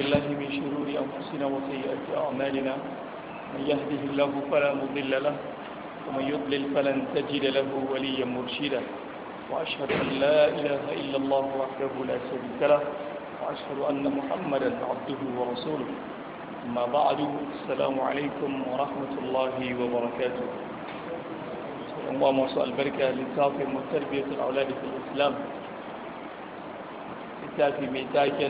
بالله من شرور أنفسنا وسيئات أعمالنا من يهده الله فلا مضل له ومن يضلل فلن تجد له وليا مرشدا وأشهد أن لا إله إلا الله وحده لا شريك له وأشهد أن محمدا عبده ورسوله أما بعد السلام عليكم ورحمة الله وبركاته اللهم صل البركة للتعفيم وتربية الأولاد في الإسلام التعفيم ميتاكا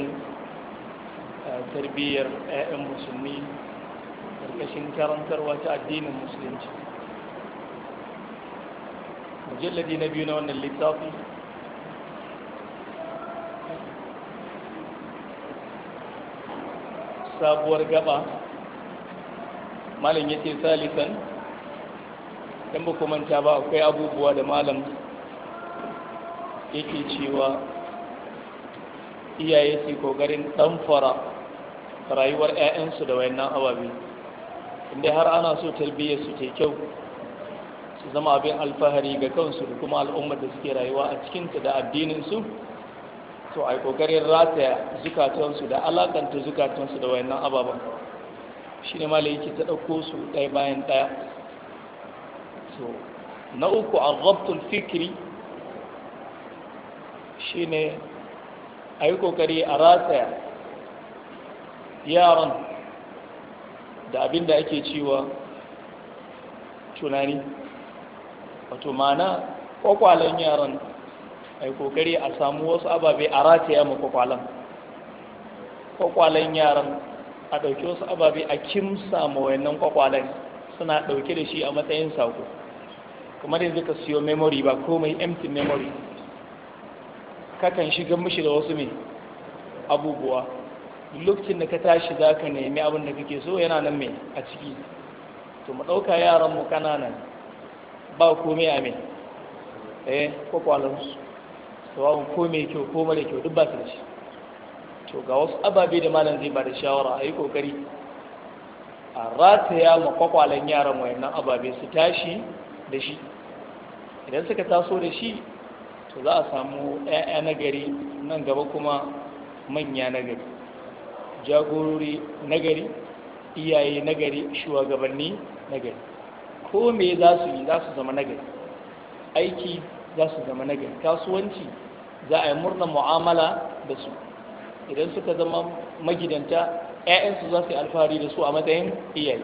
tarbiyyar 'ya'yan musulmi ƙarƙashin karantarwa ta addinin musulunci mujalladi na biyu na wannan littafi sabuwar gaba malam ya ce salisan ɗan ba manta ba akwai abubuwa da malam yake cewa iyaye su kokarin fara. rayuwar 'ya'yansu da wayannan ababe inda har ana so tarbiyyar su ke kyau su zama abin alfahari ga kansu da kuma al'ummar da suke rayuwa a cikinta da addininsu to a kokarin rata zukatansu da alakanta zukatansu da wayannan ababen shi ne mala yake ta ɗauko su ɗaya bayan ɗaya so na uku a gabtul fikiri shi ne a yi kokari a rataya yaran da abin da ake cewa tunani wato mana kwakwalen yaran a kokari a samu wasu ababe a rataya ma kwakwalen kwakwalen yaran a ɗauki wasu ababe a kimsa ma wayannan kwakwalen suna ɗauke da shi a matsayin sako kamar yanzu ka siyo memory ba komai empty memory kakan shiga mashi da wasu mai abubuwa lokacin da ka tashi za ka nemi abin da kake so yana nan mai a ciki to mu ɗauka yaran mu ƙananan ba komai a mai eh ko kwalansu sawawun ko mai kyau ko mara kyau duk ba su da to ga wasu ababe da malam zai ba da shawara a yi kokari a rataya ma kwakwalan yaran wayannan ababe su tashi da shi idan suka taso da shi to za a samu 'ya'ya nagari, nan gaba kuma manya nagari. jagorori nagari iyaye nagari shugabanni nagari ko me za su yi za su zama nagari aiki za su zama nagari kasuwanci za a yi murna mu'amala da su idan suka zama magidanta 'ya'yansu za su yi alfahari da su a matsayin iyaye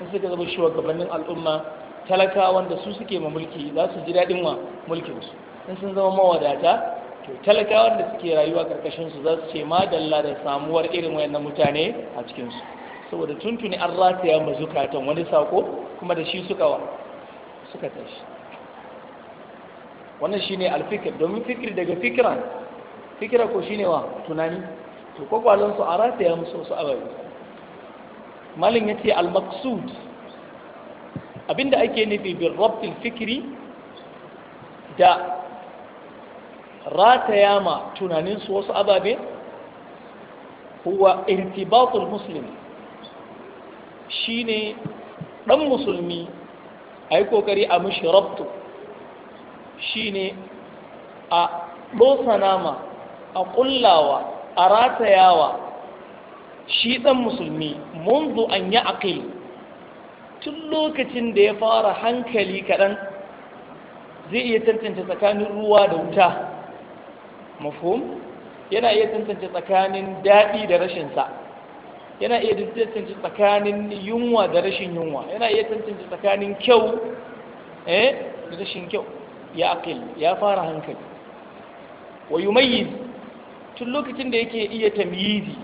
in suka zama shugabannin al'umma talakawan da su suke ma mulki za su ji daɗin wa mulkinsu in sun zama mawadata to talakawan da suke rayuwa karkashin su za su ce madalla da samuwar irin wayannan mutane a cikin su saboda tuntuni an rataya ma zukatan wani sako kuma da shi suka wa suka tashi wannan shine alfikir domin fikir daga fikiran fikira ko shine wa tunani to kwakwalon su a rataya musu wasu abai malin yace al-maqsud abinda ake nufi bin rabbil fikri da rataya tunanin tunaninsu wasu ababe huwa irtibatul muslim shine dan musulmi a yi kokari a mishi rabtu shine a dosa nama a kullawa a ratayawa shi ɗan musulmi munzu an yi aqil tun lokacin da ya fara hankali kaɗan zai iya tantance tsakanin ruwa da wuta mafhum yana iya tantance tsakanin daɗi da rashin sa yana iya tantance tsakanin yunwa da rashin yunwa yana iya tantance tsakanin kyau eh da rashin kyau ya aqil ya fara hankali wa yumayyiz tun lokacin da yake iya tamyizi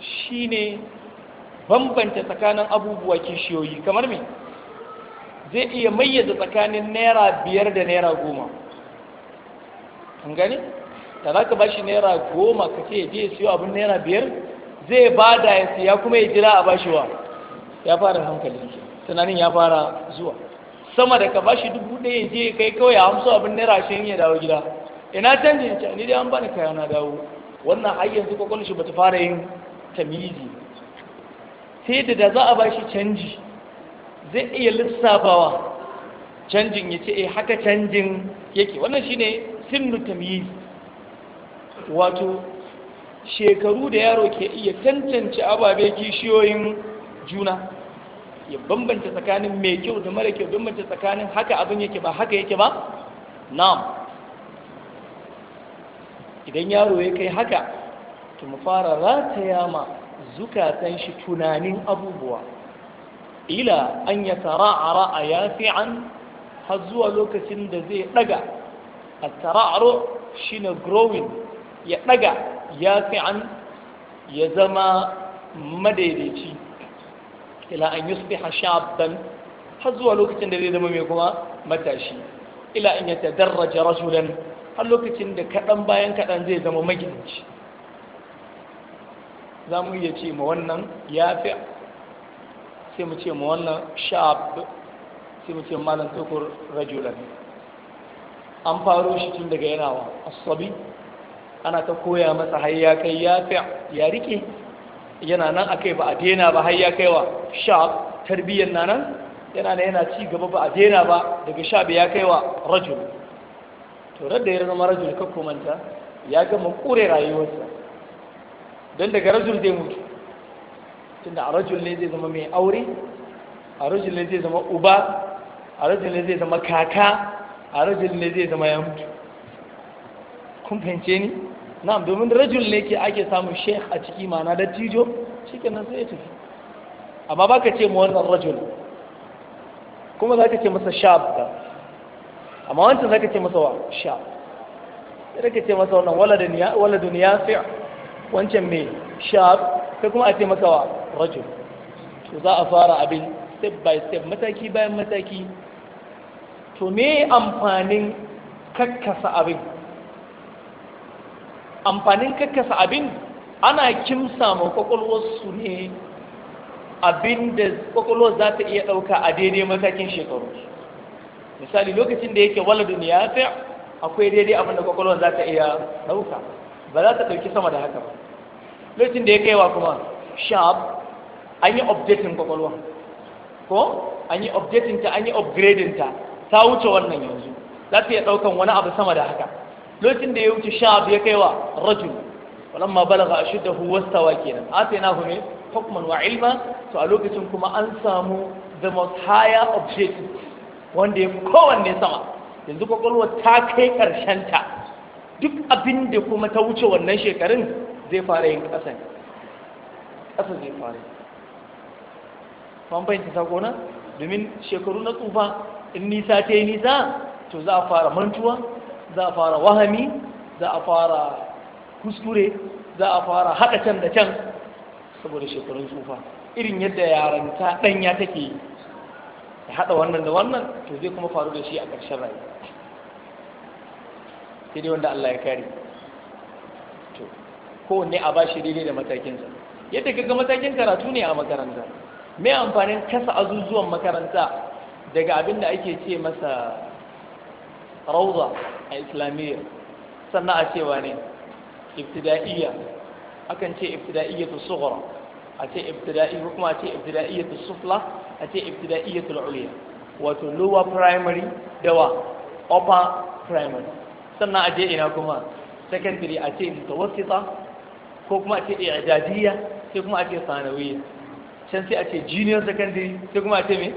shine bambanta tsakanin abubuwa kishiyoyi kamar me zai iya mayyaza tsakanin naira biyar da naira goma an gani? da za ka ba shi naira goma ka ce je siyo abin naira biyar zai ba da ya siya kuma ya jira a bashi wa ya fara hankali tunanin ya fara zuwa sama da ka ba shi dubu ɗaya je kai kawai a hamsu abin naira shi ya dawo gida ina canji ya ni dai an bani kaya na dawo wannan har yanzu kwakwalwar shi bata fara yin tamizi sai da da za a ba shi canji zai iya lissafawa canjin ya ce eh haka canjin yake wannan shine sinnu tamizi wato shekaru da yaro ke iya tantance ababe kishiyoyin juna ya bambanta tsakanin mai kyau da mara kyau bambanta tsakanin haka abin yake ba haka yake ba na'am idan yaro ya kai haka to mu fara rataya ma zukatan shi tunanin abubuwa ila an ya tara a fi an har zuwa lokacin da zai daga a tara'aro shine growing ya ɗaga ya fi an ya zama madaidaici ila an yusbiha shabban har zuwa lokacin da zai zama mai kuma matashi ila an yatadarraja rajulan har lokacin da kaɗan bayan kaɗan zai zama maginci za mu iya ce ma wannan ya fi sai mu ce ma wannan shab sai mu ce malam tukur rajulan an faro shi tun daga yanawa asabi ana ta koya masa har ya kai ya ya rike yana nan akai ba a daina ba har kai wa sha tarbiyyar na nan yana nan yana ci gaba ba a daina ba daga sha ya kai wa rajul to radda ya zama rajul ka manta ya gama kure rayuwarsa don daga rajul zai mutu tunda a rajul ne zai zama mai aure a rajul ne zai zama uba a rajul ne zai zama kaka a rajul ne zai zama ya mutu kun fahimce ni na'am domin rajul ne ke ake samun sheikh a ciki mana da tijo shikenan sai ya tafi amma baka ce mu wannan rajul kuma za ka ce masa shab da amma wancan ka ce masa wa shab sai ka ce masa wannan waladun ya fi wancan me shab sai kuma a ce masa wa rajul to za a fara abin step by step mataki bayan mataki to me amfanin kakkasa abin amfanin kakkasa abin ana kimsa ma kwakwalwarsu ne abin da kwakwalwar za ta iya ɗauka a daidai matakin shekaru misali lokacin da yake wala duniya ta akwai daidai abin da kwakwalwar za ta iya ɗauka ba za ta ɗauki sama da haka ba lokacin da ya kaiwa kuma sharp an yi updating kwakwalwa ko an yi updating ta an yi upgrading ta ta wuce wannan yanzu za ta iya ɗaukan wani abu sama da haka lokacin da ya wuce biya ya wa rajul walamma balaga ashuddahu wastawa kenan atainahu ne hukman wa ilma to a lokacin kuma an samu the most higher objective wanda ya fi kowanne sama yanzu kwakwalwa ta kai ta. duk abin da kuma ta wuce wannan shekarun zai fara yin ƙasa ƙasa zai fara man bayyanta sako na domin shekaru na tsufa in nisa ta yi nisa to za a fara mantuwa za a fara wahami za a fara kuskure za a fara haka can da can saboda shekarun tsufa irin yadda yaran ta ɗanya take ya haɗa wannan da wannan to zai kuma faru da shi a ƙarshen rayuwa sai dai wanda Allah ya kare to kowanne a ba shi daidai da matakinsa yadda kaga matakin karatu ne a makaranta me amfanin kasa azuzuwan makaranta daga abin da ake ce masa rauza a islamiyya sannan a cewa ne ibtida'iyya akan ce ibtida'iyya ta sughra a ce ibtida'iyya kuma a ce ibtida'iyya ta sufla a ce ibtida'iyya ta uliya wato lower primary dawa upper primary sannan a je ina kuma secondary a ce ta mutawassita ko kuma a ce i'dadiyya sai kuma a ce sanawiyya can sai a ce junior secondary sai kuma a ce me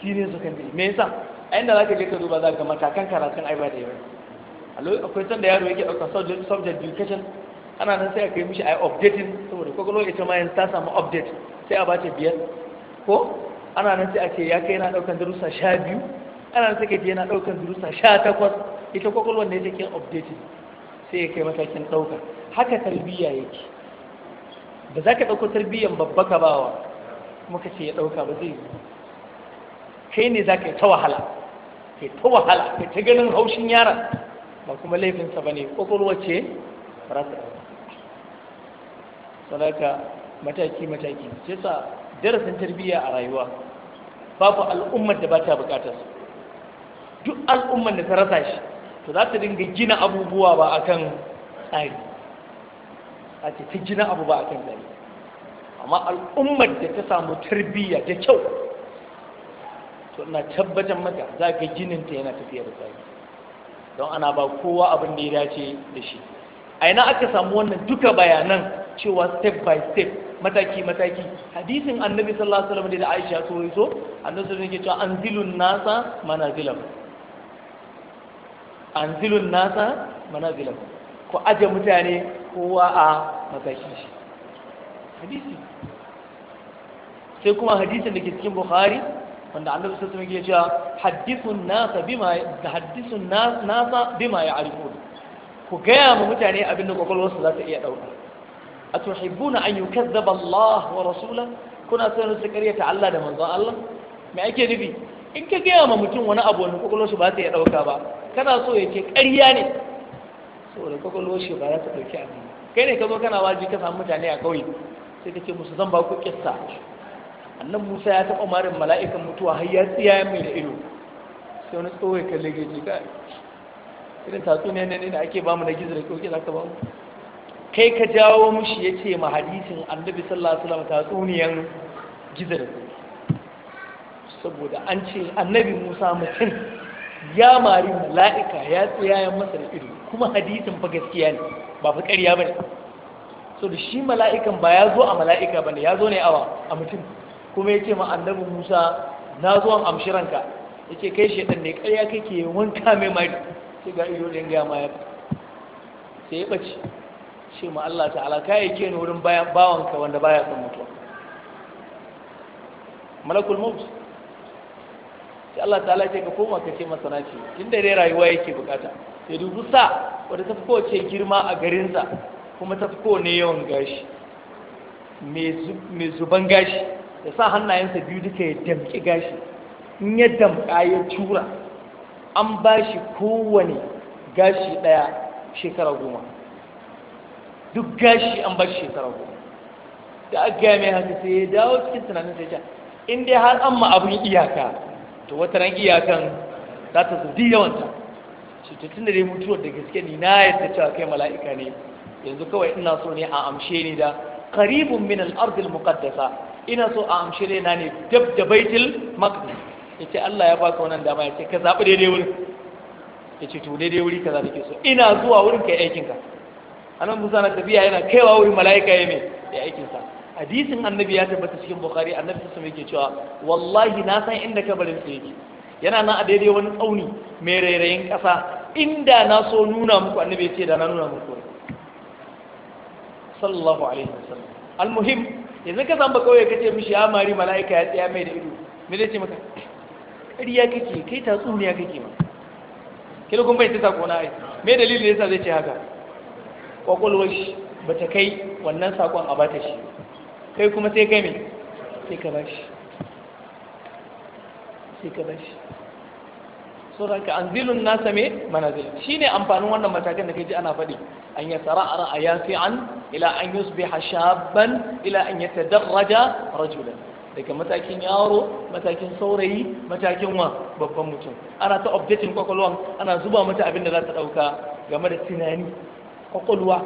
senior secondary me yasa a inda za ka je ka duba za ka matakan karatun ai ba da yawa akwai sanda yaro yake ɗaukar subject education ana nan sai a kai mishi ai updating saboda kwakwalwa ita ma ta samu update sai a bata biyar ko ana nan sai a ce ya kai na ɗaukar darussa sha biyu ana nan sai ka je na ɗaukar darussa sha takwas ita kwakwalwar ne kin updating sai ya kai matakin ɗauka haka tarbiyya yake da za ka ɗauko tarbiyyan babba ka bawa kuma ka ce ya ɗauka ba zai kai ne za ka yi ta wahala kai ta wahala kai ta ganin haushin yaran. ba kuma laifinsa ba ne ƙwaƙwalwa ce ba za ta ɗauka sadaka mataki-mataki ce sa darasin tarbiyya a rayuwa babu al'ummar da ba ta bukatar su duk al'ummar da ta rasa shi to za ta dinga gina abubuwa ba a kan tsari a ce ta gina abu ba a kan tsari amma al'ummar da ta samu tarbiyya da kyau to ina tabbatar maka za ka ginin ta yana tafiya da tsari don ana ba kowa abin da ya dace da shi a ina aka samu wannan duka bayanan cewa step by step mataki mataki hadisin annabi sallallahu alaihi wasallam da Aisha so yaso annabi sallallahu alaihi cewa anzilun nasa manazilam anzilun nasa manazilam ko aje mutane kowa a mataki shi hadisi sai kuma hadisin da ke cikin Bukhari wanda annabi sallallahu alaihi yake cewa hadithun nasa bima hadithun nasa bima ya'rifun ku gaya ma mutane abin da su za ta iya ɗauka a an yukazzaba Allah wa rasula kuna son su karyata Allah da manzon Allah me ake nufi in ka gaya ma mutum wani abu wanda su ba ta iya ɗauka ba kana so ya ƙarya ne saboda shi ba za ta ɗauki abin kai ne ka zo kana waji ka samu mutane a ƙauye sai ka ce musu zan ba ku kissa annan musa ya taɓa marin mala'ikan mutuwa har ya tsiya mai da ido sai wani tsohon kalle ga ji ka irin tatsu ne da ake bamu da gizo da kyau za ka bamu kai ka jawo mushi ya ce ma hadisin annabi sallallahu alaihi wasallam tatsuniyan gizo da kyau saboda an ce annabi musa mutum ya mari mala'ika ya tsaya yan masa da ido kuma hadisin fa gaskiya ne ba fa ƙarya ba ne so da shi mala'ikan ba ya zo a mala'ika ba ne ya zo ne awa a mutum kuma ya ce ma annabi musa na zuwan amshiranka ya ce kai shaidan ne ƙarya kake wanka mai mai sai ga iyo ɗin ma ya sai ya ɓace ce ma Allah ta'ala ke ne wurin bawanka wanda baya son mutuwa malakul maut sai Allah ta'ala ce ka koma ka ce masa naci tun da dai rayuwa yake bukata sai dubu sa wadda ta fi kowace girma a garinsa kuma ta fi kowane yawan gashi mai zuban gashi ya sa hannayensa biyu duka ya damƙi gashi in ya damka ya tura an ba shi kowane gashi ɗaya shekara goma duk gashi an ba shi shekara goma da aka gaya mai haka sai ya dawo cikin tunanin sai ya in dai har an ma abin iyaka to wata ran iyakan za ta zo di yawanta shi ta da dai mutuwar da gaske ni na yadda cewa kai mala'ika ne yanzu kawai ina so ne a amshe ni da qaribun min al-ardil muqaddasa ina so a amshi na ne dab da baitul maqdis yace Allah ya baka wannan dama yace ka zabi daidai wurin yace to daidai wuri kaza nake so ina zuwa wurin kai aikin ka anan Musa na tafiya yana kaiwa wurin mala'ika ya me ya aikin sa hadisin annabi ya tabbata cikin bukhari annabi sun yake cewa wallahi na san inda kabarin sa yake yana nan a daidai wani tsauni mai rairayin ƙasa inda na so nuna muku annabi ya ce da na nuna muku sallallahu alaihi wasallam almuhim yanzu ka samu kawai ka ce mishi ya mari mala'ika ya tsaya mai da ido me zai ce maka ya kake kai tatsuniya kake ma kila kun bai ta sako na ai me dalilin yasa zai ce haka kwakwalwar shi ba ta kai wannan sakon a bata shi kai kuma sai kai mai sai ka shi, sai ka bashi so da ka anzilun nasa me manazil shine amfanin wannan matakin da ji ana faɗi an ya sara'ara a an ila an yusbiha shabban ila an yatadarraja rajulan daga matakin yaro matakin saurayi matakin wa babban mutum ana ta updating kwakwalwan ana zuba mata abin da za ta ɗauka game da tunani kwakwalwa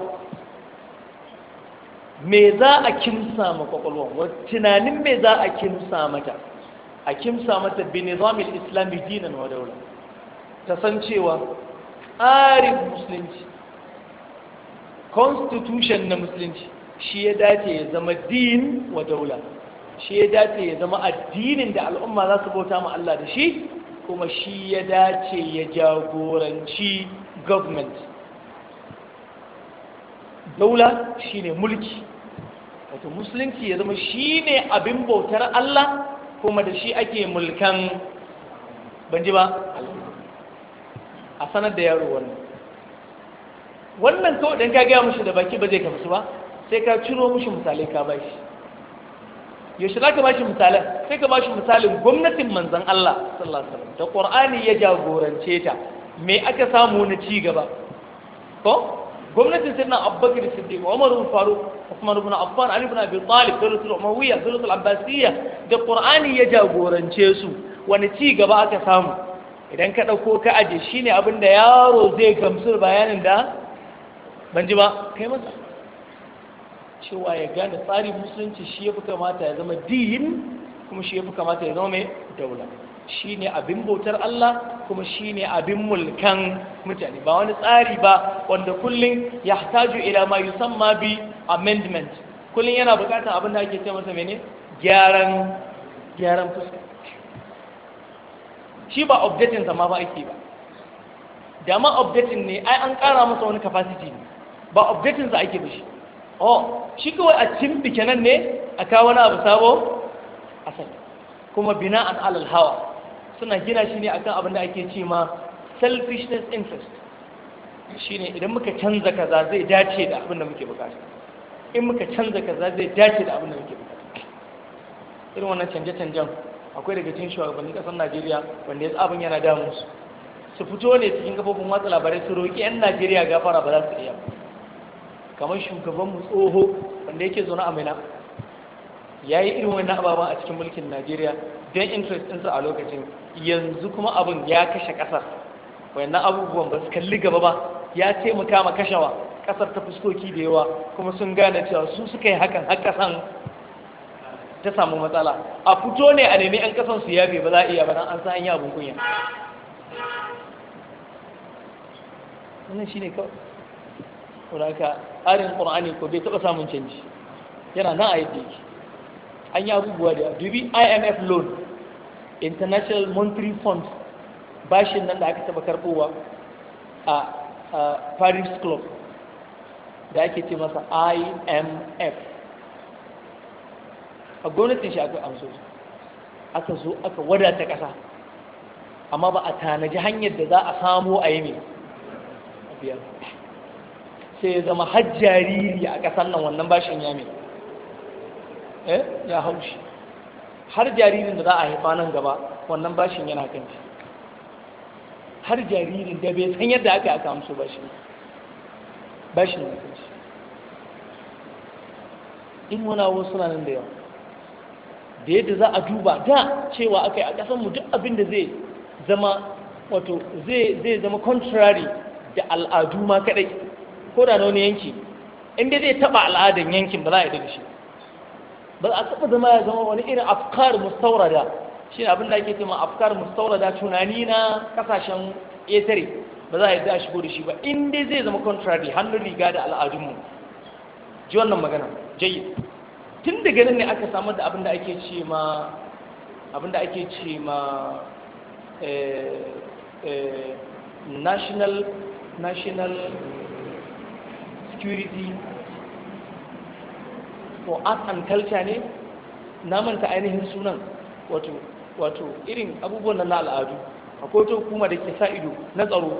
me za a kimsa ma kwakwalwan tunanin me za a kimsa mata a kimsa mata bi nizamil islami dinan wa daula ta san cewa tsarin musulunci constitution na musulunci shi ya dace ya zama din wa daula shi ya dace ya zama addinin da al'umma za su bauta ma Allah da shi kuma shi ya dace ya jagoranci government daula shi ne mulki wato musulunci ya zama shi ne abin bautar Allah kuma da shi ake mulkan banji ba a sanar da yaro wannan wannan kawai dan ka gaya mushi da baki ba zai kamsu ba sai ka ciro mushi misalai ka bashi yaushe za ka bashi misalan sai ka bashi misalin gwamnatin manzon Allah sallallahu alaihi wasallam da Qur'ani ya jagorance ta me aka samu na ci gaba ko gwamnatin sirna Abubakar Siddiq Umar bin Faruk Usman bin Affan Ali bin Abi Talib Dawlatul Umayyah Dawlatul Abbasiyya da Qur'ani ya jagorance su wani ci gaba aka samu idan ka ɗauko ka aje shi ne abin yaro zai gamsu da bayanin da ban ji ba kai masa cewa ya gane tsari musulunci shi ya fi kamata ya zama din kuma shi ya fi kamata ya zama mai daula shi ne abin bautar Allah kuma shi ne abin mulkan mutane ba wani tsari ba wanda kullum ya hataju ila ma mabi bi amendment kullum yana bukatar abin da ake ce masa mene gyaran fuska shi ba updating zama ba ake ba da ma updating ne ai an ƙara masa wani capacity ne ba updating za ake bishi shi oh shi kawai a bike nan ne a kawo wani abu sabo a sani kuma bina'an alal hawa suna gina shi ne akan abin da ake ce ma selfishness interest shi ne idan muka canza kaza zai dace da abin da muke bukata in muka canza kaza zai dace da abin da muke bukata irin wannan canje-canjen akwai daga cikin shugabannin kasar najeriya wanda ya abin yana damun su su fito ne cikin kafofin watsa labarai su roƙi 'yan najeriya gafara ba za su iya kamar shugaban mu tsoho wanda yake zaune a mina ya yi irin wani ababa a cikin mulkin najeriya don interest ɗinsa a lokacin yanzu kuma abin ya kashe ƙasar wannan abubuwan ba su kalli gaba ba ya ce mu kama kashewa ƙasar ta fuskoki da yawa kuma sun gane cewa su suka yi hakan har ƙasan ta samu matsala a fito ne a nemi ƴan kasan su yafe ba za a iya ba an san hanya abin kunya wannan shi ne kawai ka tsarin ƙur'ani ko bai taɓa samun canji yana nan a yadda yake an yi abubuwa da dubi imf loan international monetary fund bashin nan da aka taɓa karɓowa a paris club da ake ce masa imf a gwamnatin shi akwai amsoshi aka zo aka wadata ƙasa amma ba a tanaji hanyar da za a samu a yi mai sai ya zama hajjariri a ƙasar nan wannan bashin ya mai eh ya haushi har jaririn da za a haifa nan gaba wannan bashin yana kan shi har jaririn da bai san yadda aka aka amso bashin bashin yana kan shi in wani wasu suna nan da yawa da yadda za a duba da cewa aka yi a ƙasanmu duk abin da zai zama wato zai zama contrary da al'adu ma kaɗai ko da na wani yanki inda zai taɓa al'adan yankin ba za a yi daga shi ba a taɓa zama ya zama wani irin afkar da shi ne abin da ake cewa afkar da tunani na ƙasashen ƙetare ba za a yi za a shigo da shi ba inda zai zama contrary hannun riga da al'adunmu ji wannan magana jayyid tun daga nan ne aka samar da abin da ake ce ma abin da ake ce ma eh, eh, national national security for art and culture ne na manta ainihin sunan wato wato irin abubuwan na al'adu akwai wata hukuma da ke sa ido na tsaro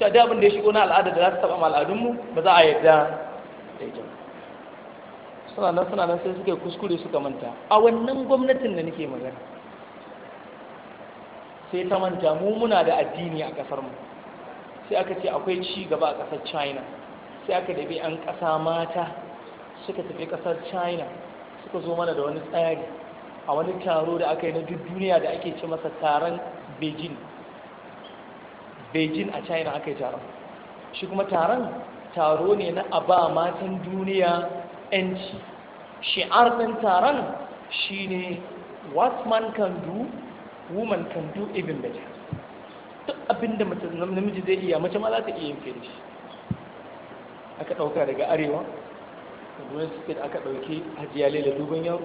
cewa da abin da ya shigo na al'ada da za su taba al'adunmu ba za a yarda da ita suna nan suna nan sai suke kuskure suka manta a wannan gwamnatin da nake magana sai ta manta mu muna da addini a kasar mu sai aka ce akwai ci gaba a ƙasar china sai aka dabi an ƙasa mata suka tafi ƙasar china suka zo mana da wani tsari a wani taro da aka yi na duk duniya da ake ce masa taron beijing beijing a china aka yi taron shi kuma taron taro ne na a ba matan duniya 'yanci shi'ar ɗin taron shi ne what man can do woman can do even better duk abinda namiji zai iya mace ma za ta iya yin aka ɗauka daga arewa wani state aka ɗauki hajiya lela duban yau,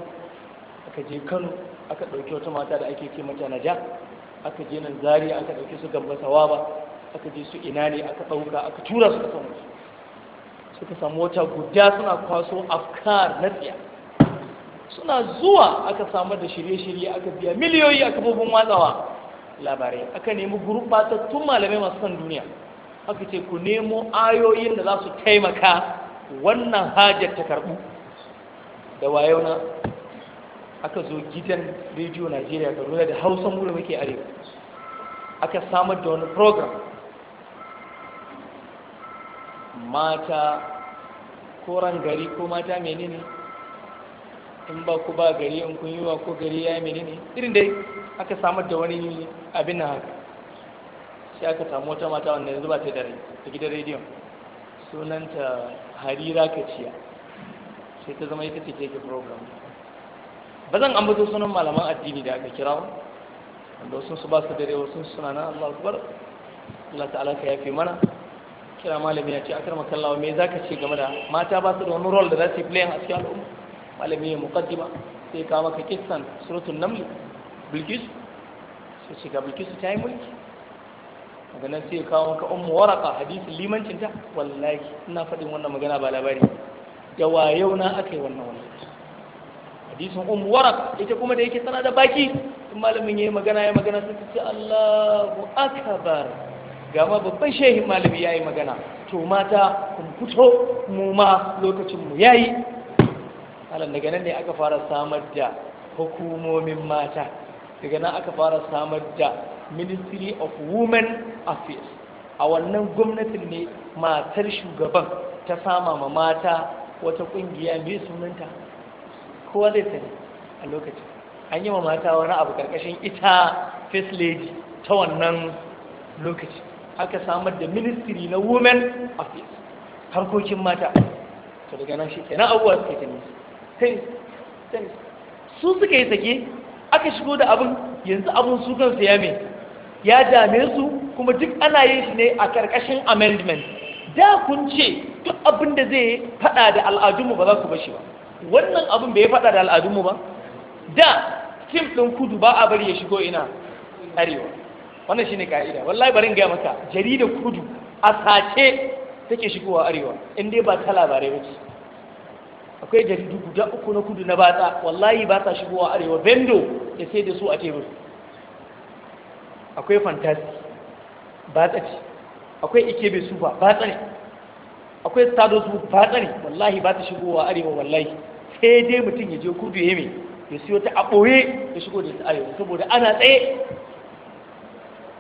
aka je kano aka ɗauki wata mata da ake ce mata naja aka je nan aka ɗauki su gambasa wa ba aka je su ina ne aka ɗauka aka tura su samun su suka samu wata guda suna kwaso afkar na tsiya suna zuwa aka samar da shirye-shirye aka biya miliyoyi a kafofin watsawa labarai aka nemi gurbatattun malamai masu san duniya aka ce ku nemo ayoyin da za su taimaka wannan hajjar ta karɓu da na, aka zo gidan rediyo najeriya kaduna da hausa mu da muke arewa aka samar da wani program mata koran gari ko mata menene in ba ku ba gari in kun yi wa ko gari ya menene irin dai aka samar da wani abin na haka sai aka samu wata mata wanda yanzu ba ta dare, ta gidan rediyo sunanta harira kaciya sai ta zama ita ce take program ba zan ambato sunan malaman addini da aka kira wanda wasu su ba su dare wasu suna na Allah akbar Allah ta'ala ka yafe mana kira malami ya ce karma makallawa me za ka ce game da mata ba su da wani rol da za su yi a cikin al'umma malami ya muqaddima sai kawo maka kissan suratul namli bilkis sai ce ga bilkis ta yi mulki daga nan sai kawo maka ummu waraka hadisin limancin ta wallahi ina faɗin wannan magana ba labari da wayau na aka yi wannan wannan hadisin ummu waraka ita kuma da yake tana da baki in malamin ya yi magana ya magana sai ce Allahu akbar gama babban shehin malami ya yi magana to mata kun mu ma lokacinmu ya yi halar daga nan ne aka fara samar da hukumomin mata daga nan aka fara samar da ministry of women affairs a wannan gwamnatin ne matar shugaban ta sama ma mata wata kungiya mai sunanta kowa zai sani a lokacin an yi ma mata wani abu karkashin ita first lady ta wannan lokacin. aka samar da ministry na women affairs harkokin mata to daga nan shi kenan suke yi tennis su suka yi sake aka shigo da abin yanzu abin su kansu ya mai ya dame su kuma duk ana yin shi ne a karkashin amendment da kun ce duk abin da zai fada da al'adunmu ba za ku bashi ba wannan abin bai fada da al'adunmu ba da tim ɗin kudu ba a bari ya shigo ina arewa wannan shine ka'ida wallahi barin in gaya maka jarida kudu a sace take shigowa arewa in dai ba ta labarai ba ce akwai jaridu guda uku na kudu na batsa wallahi ba ta shigowa arewa bendo ya sai da su a tebur akwai fantasi batsa ce akwai ikebe su ba batsa ne akwai stado su batsa ne wallahi ba ta shigowa arewa wallahi sai dai mutum ya je kudu ya mai ya siyo ta a ɓoye ya shigo da su arewa saboda ana tsaye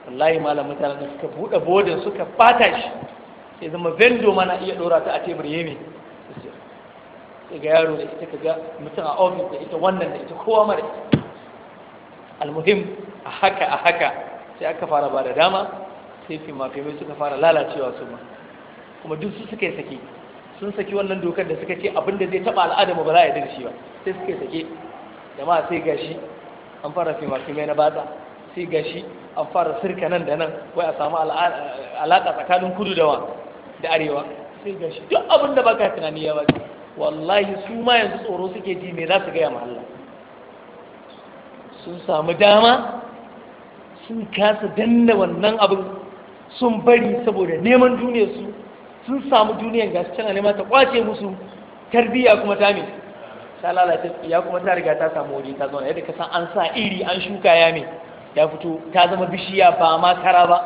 wallahi malam mutanen da suka buɗe bodin suka fata shi sai zama vendo mana iya ɗora ta a tebur yemi sai ga yaro da ita ka ga mutum a ofis da ita wannan da ita kowa mara ita almuhim a haka a haka sai aka fara ba da dama sai mai suka fara lalacewa su ma kuma duk su suka yi sake sun saki wannan dokar da suka ce abin da zai taɓa al'ada ba za a yi shi ba sai suka yi sake jama'a sai gashi an fara mai na bata sai gashi an fara sirka nan da nan wai a samu alaƙa tsakanin kudu da wa da arewa sai ga shi duk abin da baka tunani ya baki wallahi su ma yanzu tsoro suke ji me za su gaya ma sun samu dama sun kasa danna wannan abin sun bari saboda neman duniyarsu sun samu duniyar gasu cana nema ta kwace musu tarbiyya kuma ta me ta lalace ya kuma ta riga ta samu wuri ta zauna yadda ka san an sa iri an shuka ya me ya fito ta zama bishiya ba ma kara ba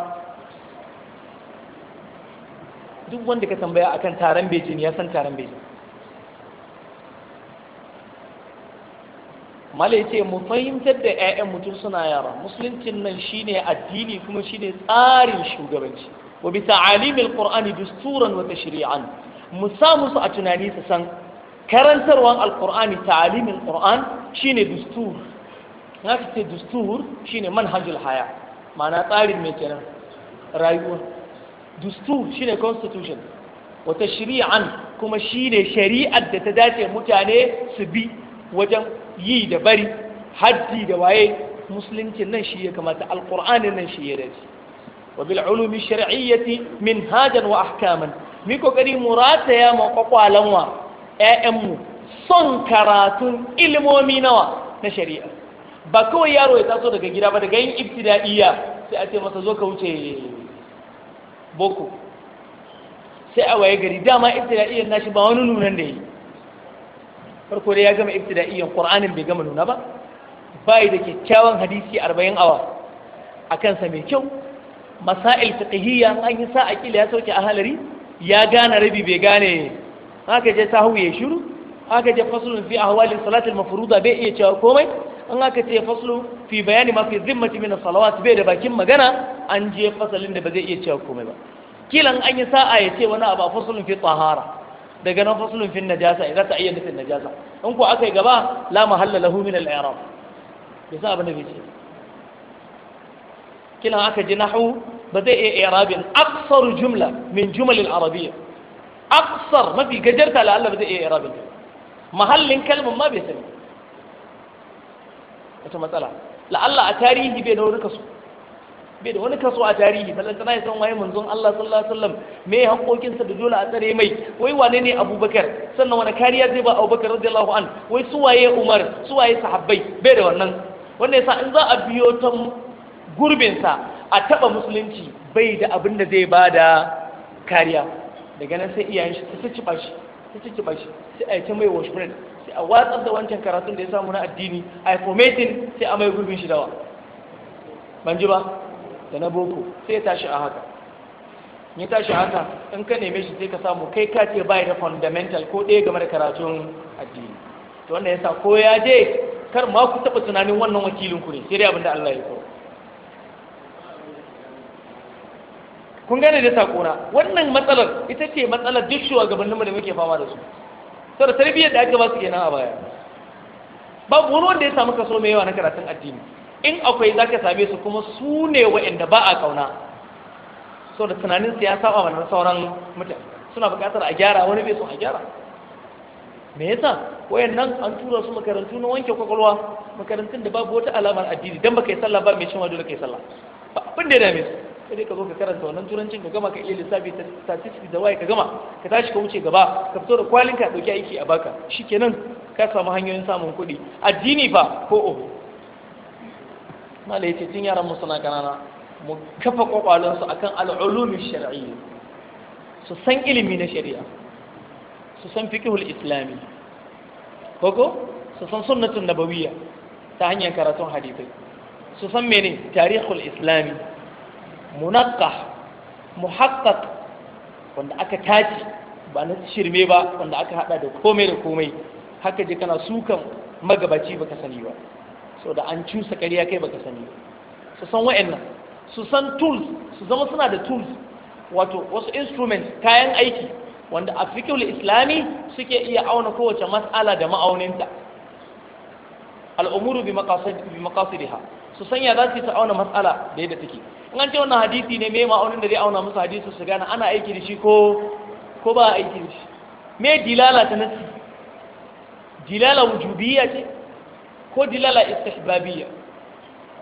duk wanda ka tambaya akan taron bejin ya san taron bejin mala ce mu fahimtar da 'ya'yan mutum suna yara musuluncin nan shine addini kuma shine tsarin shugabanci wa bi ta'alimil qur'ani dusturan wata tashri'an mu sa musu a tunani su san karantarwan ta ta'alimin qur'an shine dustur na ka ce dustur shine manhajul haya ma'ana tsarin mai kenan rayuwa dustur shine constitution wata shari'an kuma shine shari'ar da ta dace mutane su bi wajen yi da bari haddi da waye musulunci nan shi ya kamata alqur'ani nan shi ya dace wa bil ulumi shar'iyyati minhajan wa ahkaman mi kokari mu rataya mu kwakwalan wa mu son karatun ilmomi nawa na shari'a ba kawai yaro ya taso daga gida ba daga yin ibtida'iyya sai a ce masa zo ka wuce boko sai a waye gari dama ibtida'iyyar nashi ba wani nunan da yi farko dai ya gama iftida'iyan qur'anin bai gama nuna ba bai da kyakkyawan hadisi arba'in awa a kansa mai kyau masail fiqhiyya an yi sa'a kila ya sauke a halari ya gane rabi bai gane haka je hau ya shiru haka je fasulun fi ahwali salatul mafruda bai iya cewa komai An aka ce faslu fi bayani ma fi zimmati min salawat bai da bakin magana an je fasalin da ba zai iya cewa komai ba kilan an yi sa'a ya ce wani abu a faslun fi tsahara daga nan faslun fi najasa idan ta ayyana fi najasa in ko aka yi gaba la mahalla lahu min al-i'rab yasa abin da bai ce kilan aka ji nahwu ba zai iya i'rabin aksar jumla min jumal al-arabiyya aksar mafi gajarta la'alla ba zai iya i'rabin mahallin kalmar ma bai sani wata matsala la'alla a tarihi bai da wani kaso bai da wani kaso a tarihi balantana ya san waye manzon Allah sallallahu alaihi wasallam me haƙoƙinsa da dole a tsare mai wai wane ne Abubakar sannan wani kariya zai ba Abubakar radiyallahu an wai su waye Umar su waye sahabbai bai da wannan wannan yasa in za a biyo ta gurbin sa a taba musulunci bai da abin da zai bada kariya daga nan sai iyayen shi su ci bashi su ci bashi sai a yi ta mai bread sai a watsar da wancan karatun da ya samu na addini a fometin sai a mai gurbin shi dawa ban ji ba da na boko sai ya tashi a haka ya tashi a haka in ka neme shi sai ka samu kai ka ce bai da fundamental ko ɗaya game da karatun addini to ya sa ko ya je kar ma ku taɓa tunanin wannan wakilin ku ne sai dai abin da Allah ya koro. kun gane da sakona wannan matsalar ita ce matsalar duk shugabanninmu da muke fama da su sau da tarbiyyar da aka ba su kenan a baya babu wani wanda ya samu kaso mai yawa na karatun addini in akwai za ka same su kuma su ne wa'anda ba a kauna sau da su ya saba mana sauran mutane suna buƙatar a gyara wani bai so a gyara me yasa wayannan an tura su makarantu na wanke kwakwalwa makarantun da babu wata alamar addini dan baka yi sallah ba mai cewa dole kai sallah ba abin da ya dame su sai ka zo ka karanta wannan turancin ka gama ka iya lissafi statistics da waye ka gama ka tashi ka wuce gaba ka fito da kwalin ka dauki aiki a baka shikenan ka samu hanyoyin samun kuɗi addini fa ko oho mallai ce tun yaran mu suna kanana mu kafa kwakwalon su akan al'ulumi shar'iyya su san ilimi na shari'a su san fiqhul islami koko su san sunnatun nabawiyya ta hanyar karatun hadisi su san mene tarihul islami munakka muhakkak wanda aka taji ba na shirme ba wanda aka hada da komai da komai haka je kana sukan magabaci baka sani ba da an cusa ƙarya kai baka sani su san wa'annan su san tools su zama suna da tools wato wasu instruments kayan aiki wanda a fikul islami suke iya auna kowace mas'ala da ma'auninta al'umuru bi maqasidiha su sanya za su auna mas'ala da yadda take an ce wannan hadisi ne me ma'aunin da zai auna musu hadisi su gane ana aiki da shi ko ba aiki da shi me dilala ta nasi dilala wujubiyya ce ko dilala istihbabiyya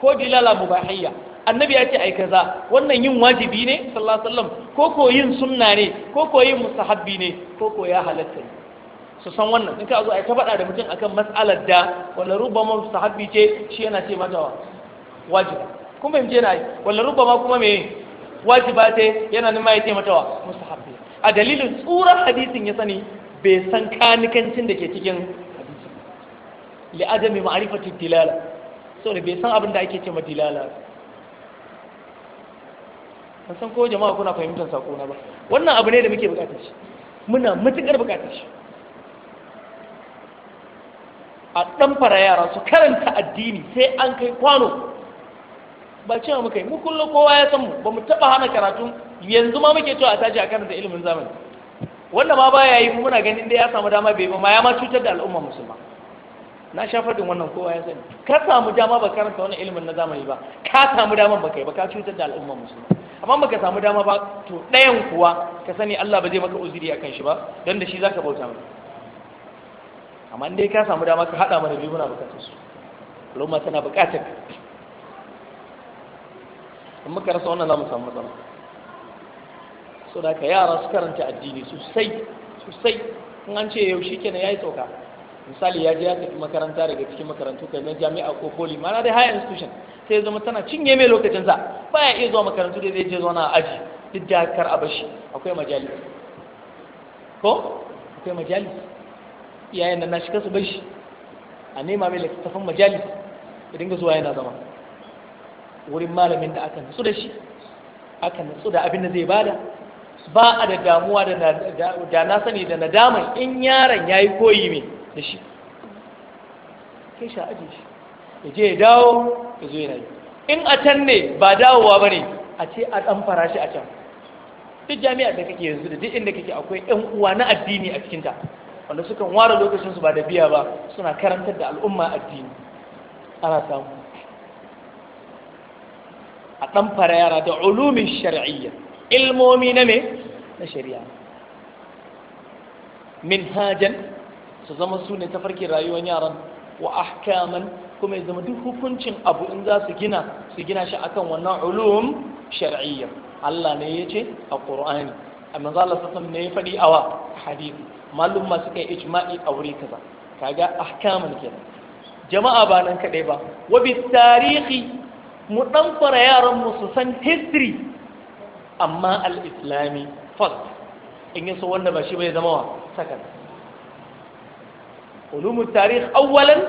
ko dilala mubahiyya annabi ya ce ai kaza wannan yin wajibi ne sallallahu alaihi wasallam ko ko yin sunna ne ko ko yin mustahabbi ne ko ko ya halatta ne su san wannan in ka zo ai ta faɗa da mutum akan mas'alar da wala rubama mustahabbi ce shi yana ce mata wajiba kun fahimce na yi wala rubba ma kuma me wajiba ta yana nima ya ce mata wa mustahabbi a dalilin tsuran hadisin ya sani bai san kanikancin da ke cikin hadisin. li adami ma'rifati dilala saboda bai san abin da ake ce ma dilala ban san ko jama'a kuna fahimtar sako na ba wannan abu ne da muke bukatar shi muna matukar bukatar shi a ɗan fara yara su karanta addini sai an kai kwano ba cewa muka yi mu kullum kowa ya san mu ba mu taɓa hana karatu yanzu ma muke cewa a taji a karanta ilimin zamani wanda ma baya yi muna ganin da ya samu dama bai ba ma ya ma cutar da al'umma musulma na sha faɗin wannan kowa ya sani ka samu dama ba karanta wani ilimin na zamani ba ka samu dama ba kai ba ka cutar da al'umma musulma amma baka samu dama ba to ɗayan kuwa ka sani Allah ba zai maka uzuri a kan shi ba don da shi za ka bauta mai amma dai ka samu dama ka haɗa mana biyu muna bukatar su al'umma tana bukatar in muka rasa wannan za mu samu matsala so da ka yara su karanta addini sosai sosai in an ce kenan ya yayi sauka misali ya je ya tafi makaranta daga cikin makarantu kai na jami'a ko poli mana dai higher institution sai ya zama tana cinye mai lokacin sa baya iya zuwa makarantu da zai je zauna a aji duk da kar a bashi akwai majalis ko akwai majalis iyayen nan na shi kasu bashi a nema mai littattafan majalis ya dinga zuwa yana zama wurin malamin da aka nutsu da shi aka nutsu da abin da zai bada ba a da damuwa da na sani da nadaman in yaron ya yi koyi mai da shi kai sha aji shi ya je ya dawo ya zo yana yi in a can ne ba dawowa ba ne a ce a ɗan fara shi a can duk jami'a da kake yanzu da duk inda kake akwai ɗan uwa na addini a cikinta wanda sukan ware lokacinsu ba da biya ba suna karantar da al'umma addini ana samu a ɗan fara yara da ulumin shar'iyya ilmomi na me na shari'a hajan su zama su ne tafarkin rayuwar yaran wa ahkaman kuma ya zama duk hukuncin abu in za su gina su gina shi akan wannan ulum shar'iyya Allah ne ya ce a Qur'ani amma za sassan ne ya faɗi awa hadisi malum ma suka yi ijma'i a wuri kaza kaga ahkaman kenan jama'a ba nan kaɗai ba wa bi tarihi mu ɗanfara yaranmu su san history amma al-islami first in yi so wanda ba shi bai zama wa sakan ulumu tarih awwalan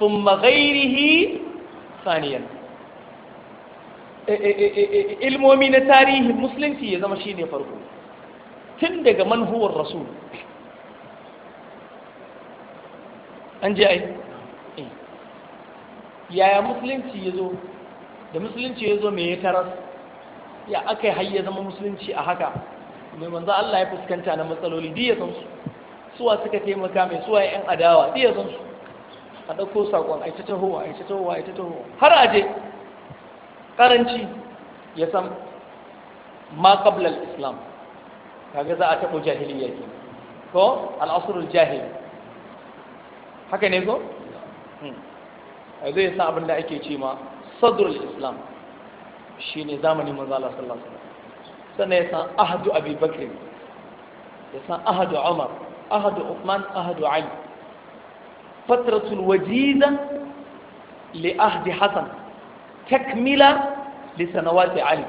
thumma ghairihi saniyan ilmomi na tarihi musulunci ya zama shine farko tun daga manhuwar rasul an je ai yaya musulunci ya zo da musulunci ya zo mai ya taras ya aka yi ya zama musulunci a haka mai manzo Allah ya fuskanta na matsaloli diya san su suwa suka taimaka mai suwa yan adawa diya san su a ɗauko saƙon aita tahowa aita tahowa aita tahowa har a je ƙaranci ya san ma qabla islam kaga za a taɓo jahiliya ke ko al'asrul jahil haka ne ko hmm. a zai san abin da ake ce ma sadrul islam shine zamanin maza Allah sallallahu alaihi sannan ya san ahadu abi ya san ahadu umar ahadu uthman ahadu ali fatratul wajiza li ahdi hasan takmila li sanawati ali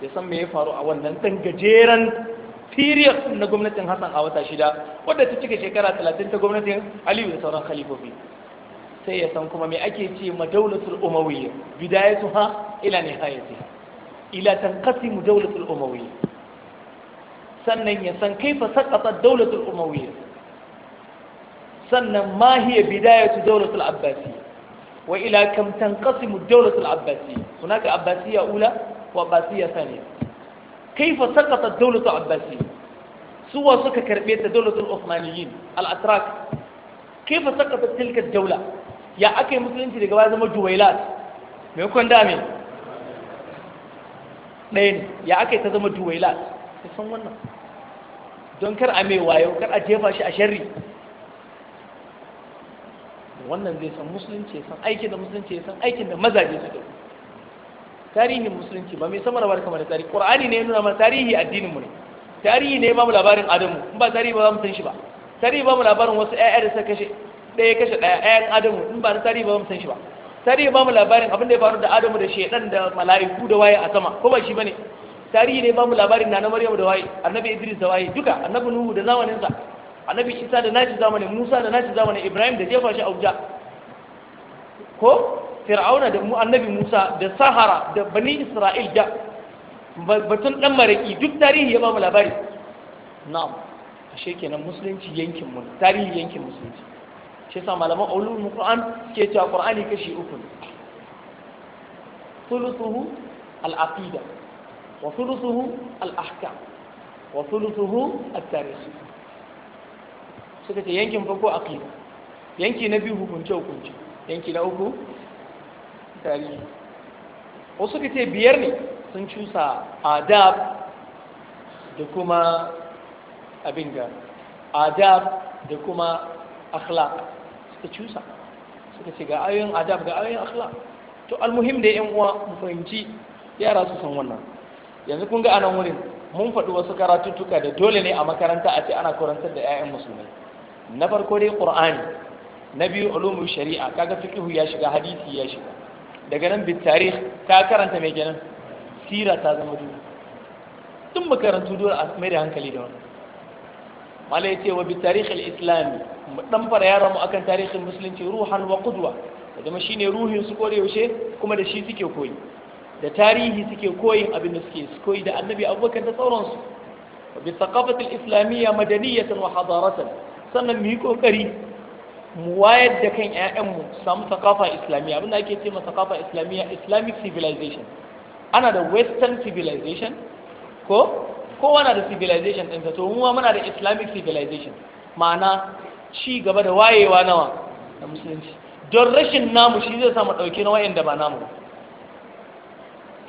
ya san me ya faru a wannan dan gajeren period na gwamnatin Hassan a wata shida wadda ta cika shekara 30 ta gwamnatin Aliyu da sauran khalifofi sai ya san kuma me ake ce ma daulatul umawiyya ha, ila nihayatiha ila tanqasimu daulatul umawiyya sannan ya san kaifa saqata daulatul umawiyya sannan ma hiya bidayatu daulatul abbasiyya wa ila kam tanqasimu daulatul abbasiyya hunaka abbasiyya ula wa abbasiyya thaniya kaifa saqata daulatul abbasiyya suwa suka karbe ta daulatul uthmaniyyin al-atrak kaifa saqata tilka daula ya aka yi musulunci daga ba zama juwailat mai kwan dame ɗaya ne ya aka yi ta zama juwailat ta san wannan don kar a mai wayo kar a jefa shi a shari wannan zai san musulunci ya san aikin da musulunci ya san aikin da mazaje su da tarihin musulunci ba mai samar ba kamar da tarihi ƙwar'ani ne nuna mana tarihi addinin mu ne tarihi ne ba mu labarin adamu in ba tarihi ba za mu san shi ba tarihi ba mu labarin wasu ƴaƴa da suka kashe ɗaya kashe ɗaya ɗayan adamu in ba na tarihi ba mu san shi ba tarihi ba mu labarin abin da ya faru da adamu da shaidan da mala'iku da waye a sama ko ba shi bane tarihi ne ba mu labarin na na maryamu da waye annabi idris da waye duka annabi nuhu da zamanin sa annabi isa da nashi zamanin musa da nashi zamanin ibrahim da jefa shi auja ko fir'auna da mu annabi musa da sahara da bani isra'il da batun dan maraki duk tarihi ya ba mu labari na'am ashe kenan musulunci yankin mu tarihi yankin musulunci shi yasa malaman ulumul qur'an ke cewa qur'ani kashi uku ne thuluthuhu al-aqida wa thuluthuhu al-ahkam wa thuluthuhu at-tarikh suka ce yankin farko aqida yanki na biyu hukunce hukunce yanki na uku tarihi wasu ka ce biyar ne sun cusa adab da kuma abin ga adab da kuma akhlaq da cusa suka ce ga ayoyin adab ga ayoyin akhlaq to almuhim da yan uwa mu fahimci yara su san wannan yanzu kun ga anan wurin mun faɗi wasu karatuttuka da dole ne a makaranta a ce ana karantar da 'ya'yan musulmai na farko dai qur'ani na biyu ulumul shari'a kaga fiqh ya shiga hadisi ya shiga daga nan bit tarikh ka karanta mai kenan sira ta zama dole tun makarantu dole a mai da hankali da wannan malai ce wa bi tarihil islami dan fara yaran mu akan tarihin musulunci ruhan wa qudwa zama shine ruhin su kore yaushe kuma da shi suke koyi da tarihi suke koyin abin da suke koyi da annabi abubakar da sauransu wa bi thaqafati islamiyya madaniyatan wa hadaratan sannan mu yi kokari mu wayar da kan ƴaƴan mu samu thaqafa islamiyya abin da ake ce ma thaqafa islamiyya islamic civilization ana da western civilization ko kowa na da civilization ɗinsa to mu muna da islamic civilization ma'ana ci gaba da wayewa nawa na musulunci don rashin namu shi zai samu ɗauke na wayan da ba namu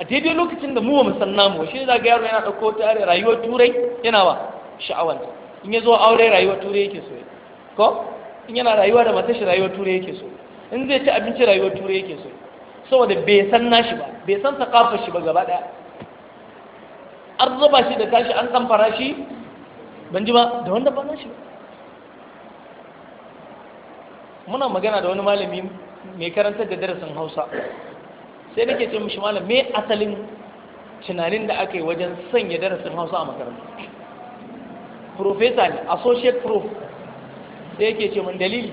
a daidai lokacin da mu ba san namu shi zai ga yaro yana ɗauko tare rayuwar turai yana ba sha'awar in ya zo aure rayuwar turai yake so ko in yana rayuwa da shi rayuwar turai yake so in zai ci abinci rayuwar turai yake so saboda bai san nashi ba bai san sakafar shi ba gaba ɗaya an zuba shi da tashi an kamfara shi ban ji ba da wanda ba na shi muna magana da wani malami mai karantar da darasin hausa sai nake ce mishi malam mai asalin tunanin da aka yi wajen sanya darasin hausa a makaranta profesa ne associate prof sai yake ce min dalili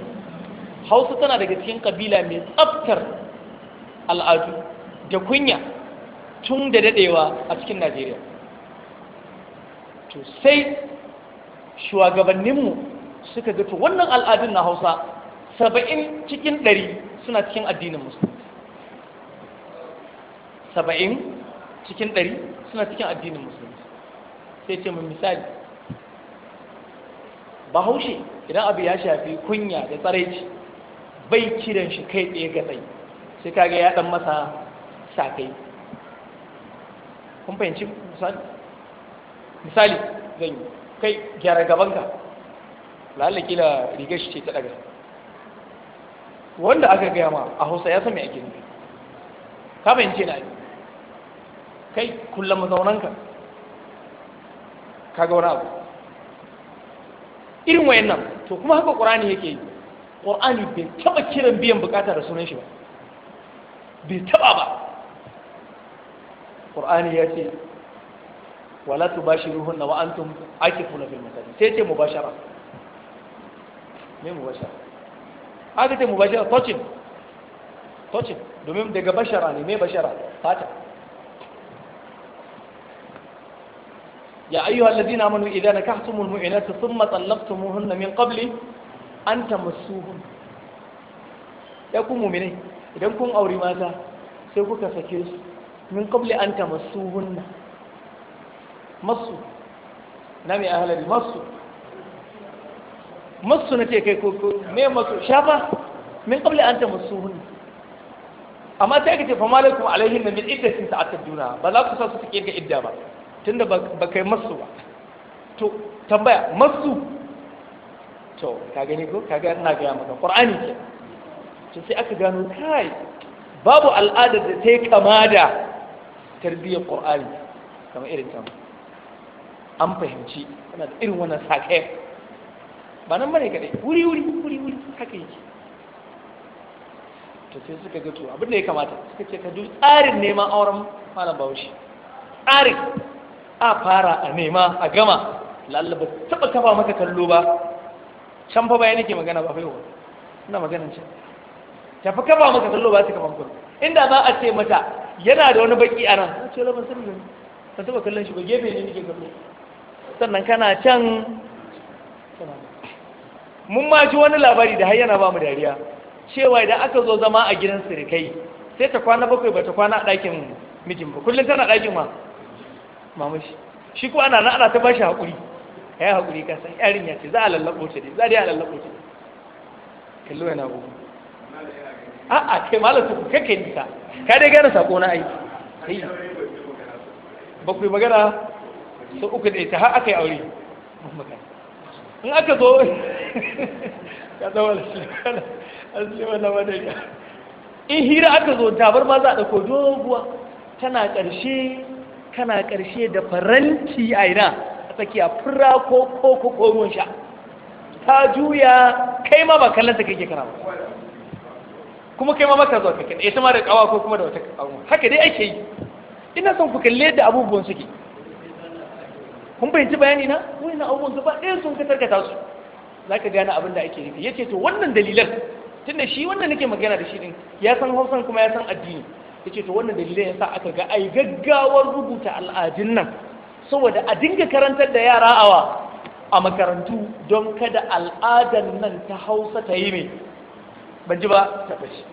hausa tana daga cikin kabila mai tsaftar al'adu da kunya tun da dadewa a cikin najeriya to sai shugabanninmu suka ga to wannan al'adun na hausa saba'in cikin ɗari suna cikin addinin musulunci saba'in cikin ɗari suna cikin addinin musulunci sai ce mu misali bahaushe idan abu ya shafi kunya da tsaraici bai kiran shi kai ɗaya ga tsaye sai kaga ya dan masa sakai kun fahimci misali zan yi kai gyara gabanka lalle kila riga shi ce ta daga wanda aka gaya ma a hausa ya san me ake nufi ka bayyance na kai kullum mazaunanka ka ga wani abu irin wayannan to kuma haka qur'ani yake yi qur'ani bai taba kiran biyan bukata da sunan shi ba bai taba ba qur'ani ya ce wala tubashiruhunna wa antum akifuna fil masajid sai ce mubashara me mubashara aka ce mubashara touching touching domin daga bashara ne me fata يا أيها الذين آمنوا إذا نكحتم المؤمنات ثم طلقتموهن من قبل أن تمسوهن يكون مؤمنين إذا كن أوري ماذا سيكون كفكيس من قبل أن تمسوهن masu na mai ahalari masu masu na ce kai koko me masu shafa min kabla an ta masu hun amma sai yake ce fa malaikum alaihin na min idda sun ta'adduna ba za ku sa su take ga idda ba tunda ba kai masu ba to tambaya masu to ka gani ko ka ga ina ga maka qur'ani ce to sai aka gano kai babu al'adar da ta yi tarbiyyar qur'ani kamar irin ta an fahimci yana da irin wannan sakayar ba nan bane kadai wuri wuri wuri wuri haka yake to sai suka ga to abin da ya kamata suka ce ka duk tsarin neman auren malam bahaushe tsarin a fara a nema a gama lallaba ba taba kafa maka kallo ba can fa bayan yake magana ba faiwa ina maganin can ta fa kafa maka kallo ba su kafa kuma inda za a ce mata yana da wani baki a nan ce ban sani ban taba kallon shi ba gefe ne nake kallo sannan kana can mun ma ji wani labari da har yana ba mu dariya cewa idan aka zo zama a gidan sirikai sai ta kwana bakwai ba ta kwana a ɗakin mijin ba kullum tana ɗakin ma mamashi shi kuwa ana na ana ta bashi haƙuri ya yi haƙuri ka san yarin ya ce za a lallaɓo ta ne za a lallaɓo ta ne kallo yana gobe a'a kai malar su kake nisa ka dai gane sako na aiki bakwai magana so uku da ita har aka yi aure in aka zo ya zama zama na madariya in hira aka zo tabar ma za a dako doguwa tana ƙarshe kana ƙarshe da faranti a ina a tsakiya fura ko koko ko sha ta juya kai ma ba kallon ta kake kana ba kuma kai ma mata zuwa kake ita ma da kawa ko kuma da wata kawo haka dai ake yi ina son ku kalle da abubuwan suke kun fahimci bayani na na abubuwan gaba ɗaya sun ka tarkata su za ka gane abin da ake nufi ya ce to wannan dalilan tunda shi wannan nake magana da shi ɗin ya san hausan kuma ya san addini ya ce to wannan dalilan ya sa aka ga ai gaggawar rubuta al'adun nan saboda a dinga karantar da yara awa a makarantu don kada al'adan nan ta hausa ta yi mai ban ji ba ta fashi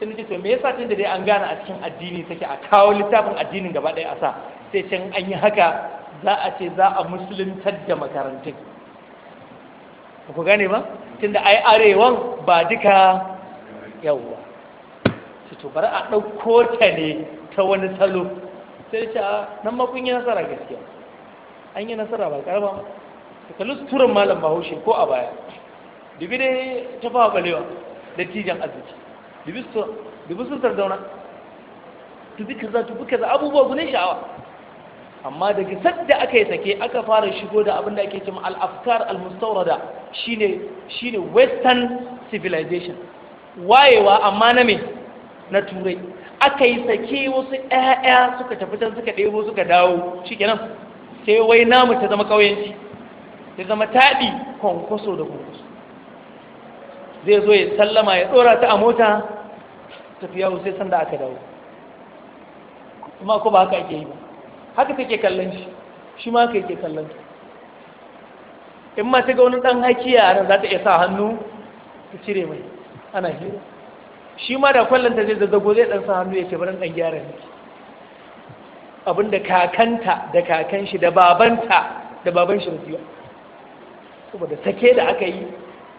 sun nake to me yasa tun da dai an gane a cikin addini take a kawo littafin addinin gaba ɗaya a sa sai can an yi haka za a ce za a musuluntar da makarantun ku gane ba tunda ai arewan ba duka yawwa su to bari a ɗauko ta ne ta wani salo sai ce a nan makon yi nasara gaskiya an yi nasara ba karama ka kalli suturan malam bahaushe ko a baya dubi dai ta fawa balewa da tijan arziki dubi sutar dauna dubi kaza dubi kaza abubuwa gunin sha'awa amma daga sadda aka yi sake aka fara shigo da abin da ake cima al-afkar al-mustaurada shine western civilization wayewa amma na me na turai aka yi sake wasu ƴaƴa suka tafi can suka ɗebo suka dawo shikenan sai wai namu ta zama ƙauyenci ta zama taɗi kwankwaso da kwankwaso zai zo ya sallama ya ɗora ta a mota tafiya sai sanda aka dawo kuma ko ba haka ake yi ba haka take kallon shi shi ma ka yake kallon ta in ma ta ga wani ɗan haki a nan za ta iya sa hannu ta cire mai ana hira shi ma da kwallonta zai zazzago zai ɗan sa hannu ya ce bari ɗan gyara ne abinda kakanta da kakan shi da babanta da baban shi rasuwa saboda sake da aka yi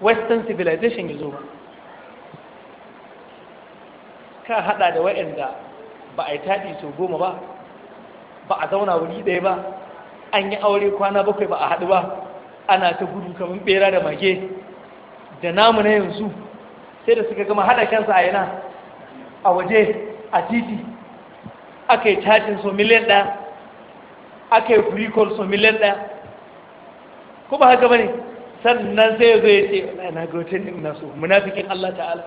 western civilization ya zo ba ka hada da wa'anda ba a yi taɗi sau goma ba ba a zauna wuri ɗaya ba an yi aure kwana bakwai ba a haɗu ba ana ta gudu kamar ɓera da mage da namu na yanzu sai da suka gama haɗa kansa a yana a waje a titi aka yi cajin so miliyan ɗaya aka yi free so miliyan ɗaya ko ba haka ba ne sannan sai ya zo ya ce na gautar ne ina so munafikin Allah ta'ala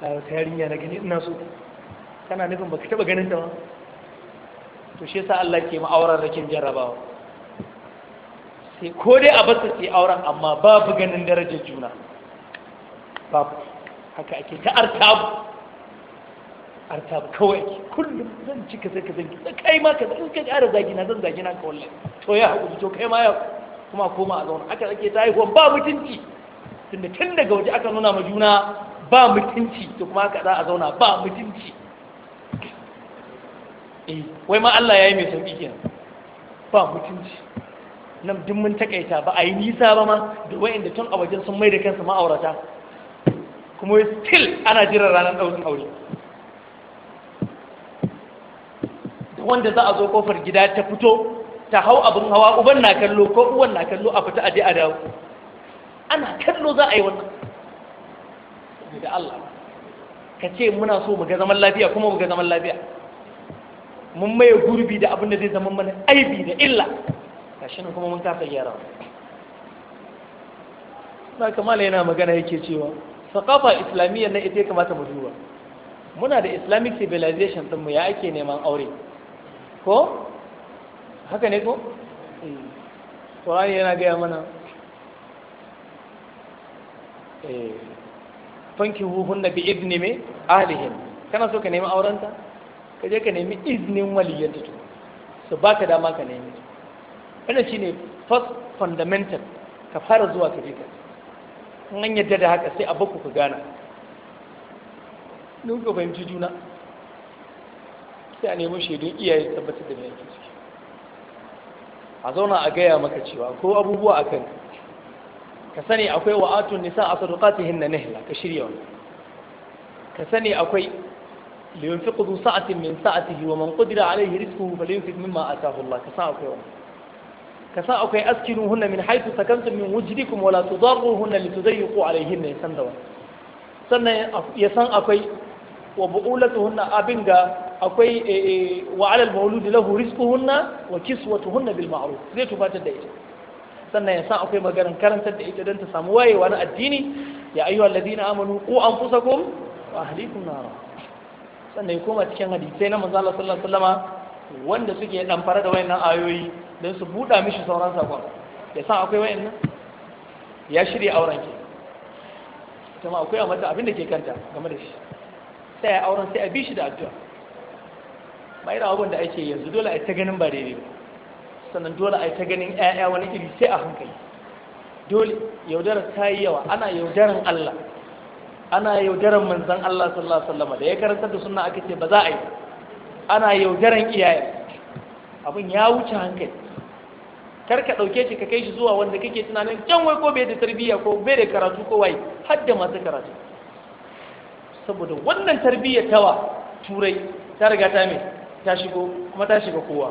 ta yarinya na gani ina so kana nufin baka taba ganin ta ba to shi yasa Allah ke ma'auran rikin jarabawa? sai ko dai a basu ke auren amma babu ganin darajar juna babu haka ake ta artabu artabu kawai ake kullum zan ci ka sai ka zanki kai ma ka in ka ara zagina zan zagina ka wallahi to ya haƙuri to kai ma ya kuma koma a zauna aka ake ta haihuwa ba mutunci tunda tun daga waje aka nuna ma juna ba mutunci to kuma haka za a zauna ba mutunci Eh, wai ma Allah ya yi mai sauƙi kenan ba mutunci nan duk mun takaita ba a yi nisa ba ma da inda tun a wajen sun mai da kansu ma'aurata kuma still ana jiran ranar ɗaurin aure da wanda za a zo kofar gida ta fito ta hau abin hawa uban na kallo ko uwan na kallo a fita a je a dawo ana kallo za a yi wannan da Allah ka ce muna so mu ga zaman lafiya kuma mu ga zaman lafiya mun maye gurbi da abin da zai zama mana aibi da illa ga shi kuma mun kafa gyara na kamala yana magana yake cewa sakafa islamiyyar na ita ya kamata mu duba muna da islamic civilization ɗinmu ya ake neman aure ko haka ne ko ƙorani eh, yana gaya mana eh, fankin huhun na bi ibni mai ahalihin kana so ka nemi aurenta ka je ka nemi iznin waliyyar ta su ba ka dama ka nemi wannan ne first fundamental ka fara zuwa ka je ka in an yadda da haka sai a baku ku gana nun ka fahimci juna sai a nemi shaidun iyaye tabbatar da mai ciki a zauna a gaya maka cewa ko abubuwa a kan ka sani akwai wa'atun nisa a sadukatihin na nahila ka shirya wani ka sani akwai لينفق ذو سعة من سعته ومن قدر عليه رزقه فلينفق مما آتاه الله كساء يوم كساء أسكنوهن من حيث سكنتم من وجدكم ولا تضاروهن لتضيقوا عليهن دوا سنة يسن أكوي وبؤولتهن أبنغا أكوي إيه، إيه، وعلى المولود له رزقهن وكسوتهن بالمعروف زي تبات الدائجة سنة يسن أكوي مغانا كرن الدائجة دانت سامواي وأنا أديني يا أيها الذين آمنوا قو أنفسكم وأهليكم نارا sannan ya koma cikin hadisai na manzo Allah sallallahu alaihi wasallama wanda suke dan fara da wayannan ayoyi don su buɗa mishi sauran sakon ya san akwai wayannan ya shirya auren ki kuma akwai a mata abin da ke kanta game da shi sai ya auren sai a bi shi da addu'a ba da abin da ake yanzu dole a ta ganin ba daidai ba sannan dole a yi ta ganin 'ya'ya wani iri sai a hankali dole yaudarar ta yi yawa ana yaudarar Allah ana yaudaran manzan Allah sallallahu alaihi wasallam da ya karanta da sunna aka ce ba za a yi ana yaudaran iyaye abin ya wuce hankali kar ka dauke shi ka kai shi zuwa wanda kake tunanin can wai ko bai da tarbiyya ko bai da karatu ko wai har da masu karatu saboda wannan tarbiyya tawa turai ta riga ta me ta shigo kuma ta shiga kowa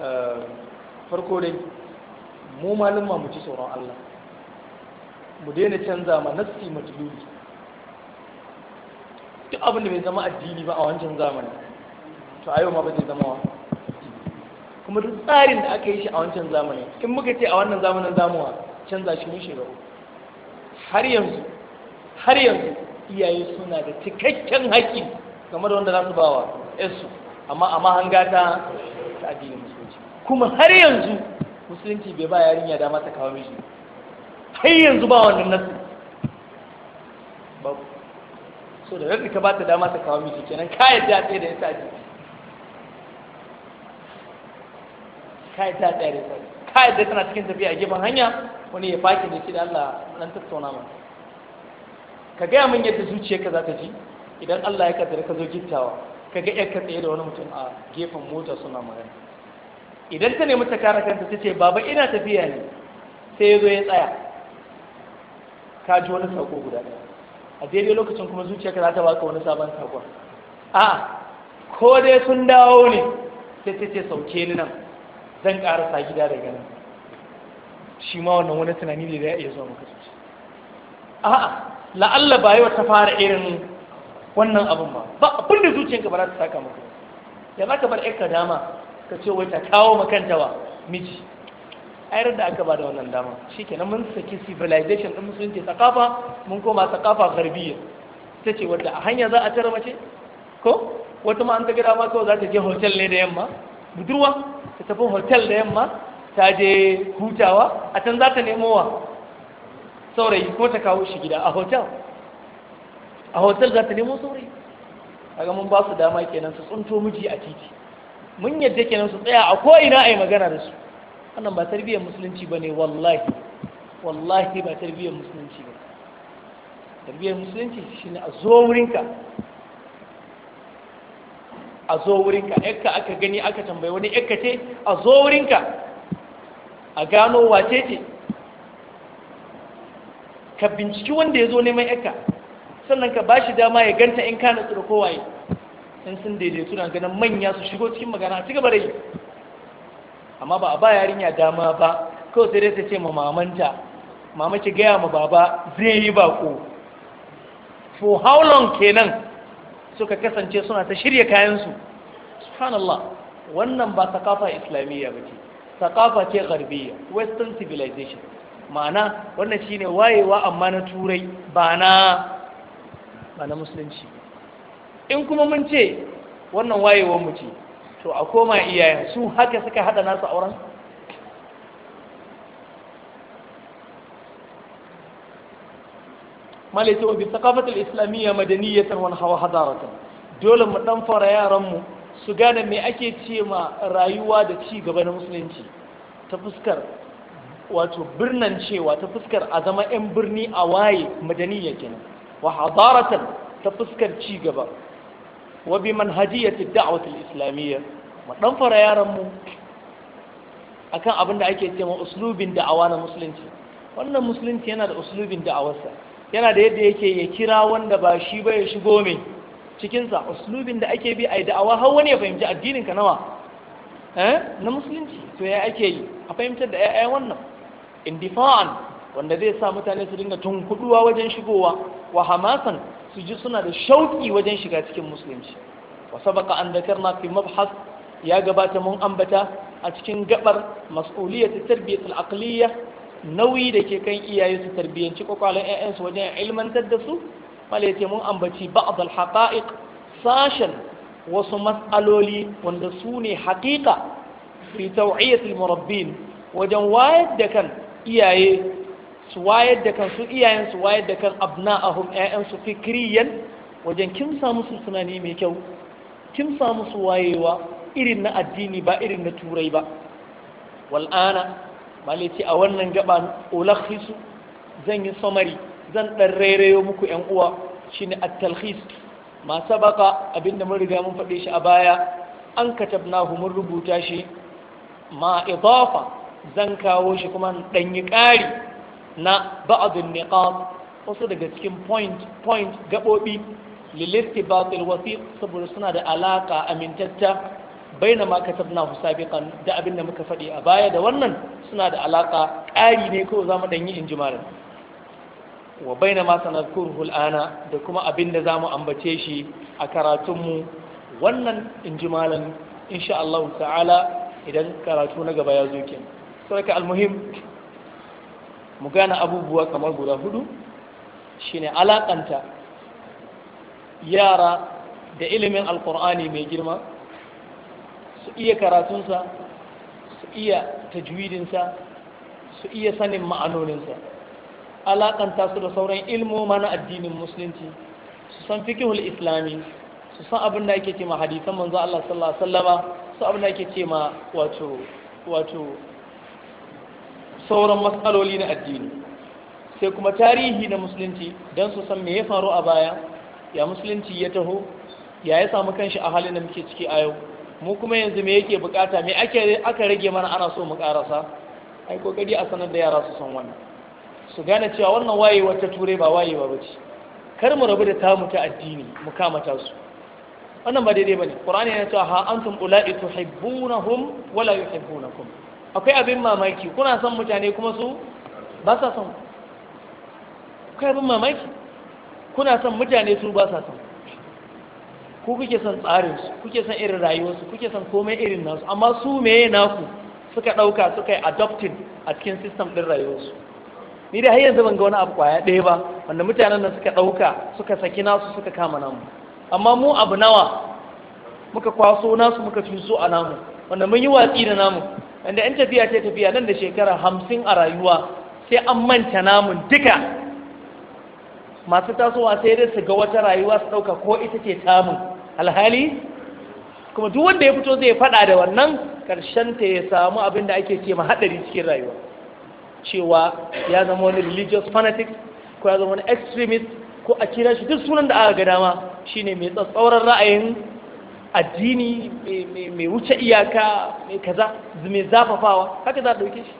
Eh, farko dai mu malama mu ci tsoron Allah mu daina canza ma nassi matululi duk abin da bai zama addini ba a wancan zamani to a yau ma ba zai zama wa kuma duk tsarin da aka yi shi a wancan zamani in muka ce a wannan zamanin zamuwa canza shi mun shiga har yanzu har yanzu iyaye suna da cikakken haƙƙi game da wanda za su bawa yansu amma a mahanga ta addinin musu kuma har yanzu musulunci bai ba yarinya dama ta kawo miji har yanzu ba wannan nasu babu so da yadda ka ba ta dama ta kawo miji kenan ka ta tsaye da ya sa ka ta tsaye da ya sa ka yadda tana cikin tafiya a gefen hanya wani ya faki da shi da Allah nan tattauna mana ka gaya min yadda zuciyarka za ta ji idan Allah ya kaddara ka zo gittawa ka ga ka tsaye da wani mutum a gefen mota suna magana idan ta nemi ta kare kanta ta ce baba ina tafiya ne sai ya zo ya tsaya ka ji wani sako guda ɗaya a daidai lokacin kuma zuciya ka za ta baka wani sabon sakon a ko dai sun dawo ne sai ta ce sauke ni nan zan karasa gida da nan shi ma wannan wani tunani ne da ya iya zuwa maka zuci a'a la'alla ba yi wata fara irin wannan abin ba ba abin da zuciyanka ba za ta saka maka ya za ka bar ka dama ka ce wai ta kawo makanta wa miji ai da aka ba da wannan dama shikenan mun saki civilization ɗin musulunci tsakafa mun koma tsakafa garbiya ta ce wadda a hanya za a tara mace ko wata ma an ta gida ma kawai za ta je hotel ne da yamma budurwa ta tafi hotel da yamma ta je hutawa a can za ta nemo wa saurayi ko ta kawo shi gida a hotel a hotel za ta nemo saurayi A ga mun ba su dama kenan su tsunto miji a titi mun yadda kenan su tsaya a ko'ina a yi magana da su wannan ba tarbiyyar musulunci ba ne wallahi wallahi ba tarbiyyar musulunci ba tarbiyyar musulunci shi ne a zo wurinka a zo wurinka yakka aka gani aka tambayi wani yakka ce a zo wurinka a gano wace ce ka binciki wanda ya zo neman yakka sannan ka ba shi dama ya ganta in kana tsoro waye. in sun daidaitu na ganin manya su shigo cikin magana a cigaba da yi amma ba a ba yarinya dama ba kawai sai dai ta ce ma mamanta mama ki gaya ma baba zai yi bako for how long kenan suka kasance suna ta shirya kayansu subhanallah wannan ba sakafa islamiyya ba ce sakafa ce garbiya western civilization ma'ana wannan shine wayewa amma na turai ba na ba na musulunci ba in kuma mun ce wannan wayewar mu ce to a koma iyayen su haka suka hada nasu auren malaita wa bisakafatul islamiyya madaniyatan wani hawa hadaratan dole mu dan fara yaran mu su gane me ake ce rayuwa da ci gaba na musulunci ta fuskar wato birnan cewa ta fuskar a zama 'yan birni a waye madaniyya kenan wa hadaratan ta fuskar ci gaba wa bi manhajiyati da'wat islamiyya mu dan fara yaran mu akan abin da ake cewa uslubin da'awa na musulunci wannan musulunci yana da uslubin da'awarsa yana da yadda yake ya kira wanda ba shi ba ya shigo mai cikin uslubin da ake bi a da'awa har wani ya fahimci addinin ka nawa eh, na musulunci to ya ake yi a fahimtar da 'ya'ya wannan indifa'an wanda zai sa mutane su dinga tunkuduwa wajen shigowa wa hamasan su ji suna da shauƙi wajen shiga cikin musulunci wa sabaka an na fi mabhas ya gabata mun ambata a cikin gabar mas'uliyat ta tarbiyyar aqliyya nauyi da ke kan iyaye su tarbiyyanci kwakwalen 'ya'yansu wajen ilmantar da su malaita mun ambaci ba'd al-haqa'iq sashen wasu mas'aloli wanda su ne haƙiƙa fi taw'iyatil murabbin wajen wayar da kan iyaye su wayar da kan su iyayen su wayar da kan abna'ahum ƴaƴan su fikriyan wajen kimsa musu tunani mai kyau samu musu wayewa irin na addini ba irin na turai ba wal'ana malici a wannan gaba olakhisu, zan yi samari zan ɗan rairayo muku ƴan uwa shine at-talkhis ma sabaka abinda mun riga mun faɗe shi a baya an katabnahu mun rubuta shi ma zan kawo shi kuma dan yi ƙari na ba'adun niqab wasu daga cikin point point gabobi lilisti batil wasiq saboda suna da alaka amintatta baina ma katabna sabiqan da abin da muka faɗi a baya da wannan suna da alaka ƙari ne ko za mu dan yi injimarin wa baina ma sanadkuruhu al'ana da kuma abin da zamu ambace shi a karatunmu wannan injimalan insha Allah ta'ala idan karatu na gaba ya zo kenan sarka almuhim mu gane abubuwa kamar guda hudu shine alakanta yara da ilimin alkur'ani mai girma su iya karatunsa su iya tajwidinsa su iya sanin ma'anoninsa alakanta su da sauran ilmoma mana addinin musulunci su san fikihul islami su san abin da ake ce ma hadisan manzo Allah sallallahu alaihi wasallama su abin da ake ce ma wato wato sauran matsaloli na addini sai kuma tarihi na musulunci don su san me ya faru a baya ya musulunci ya taho ya ya samu kanshi a halin da muke ciki a yau mu kuma yanzu me yake bukata me aka rage mana ana so mu karasa ai kokari a sanar da yara su san wannan su gane cewa wannan wayewa ta turai ba wayewa ba bace kar mu rabu da tamu ta addini mu kamata su wannan ba daidai bane qur'ani yana cewa ha antum ula'i tuhibbunahum wala yuhibbunakum akwai abin mamaki kuna son mutane kuma su ba sa son akwai abin mamaki kuna son mutane su ba sa son ku kuke son tsarinsu kuke son irin rayuwarsu kuke son komai irin nasu amma su meye naku suka ɗauka suka yi adoptin a cikin sistem ɗin rayuwarsu ni da har yanzu ban ga wani abu kwaya ɗaya ba wanda mutanen nan suka ɗauka suka saki nasu suka kama namu amma mu abu nawa muka kwaso nasu muka fi so a namu wanda mun yi watsi da namu inda in tafiya ta tafiya nan da shekara hamsin a rayuwa sai an manta namun duka masu tasowa sai dai su ga wata rayuwa su ɗauka ko ita ce tamun alhali kuma duk wanda ya fito zai faɗa da wannan ƙarshen ta ya samu abin da ake ce haɗari cikin rayuwa cewa ya zama wani religious fanatic ko ya zama wani extremist ko a kira shi duk sunan da aka ga dama shine mai tsatsauran ra'ayin addini mai wuce iyaka mai kaza mai zafafawa haka za a ɗauke shi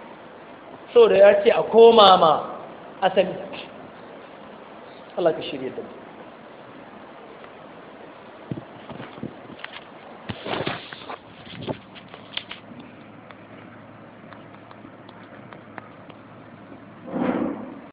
saboda ya ce a koma ma asali Allah ka shirya da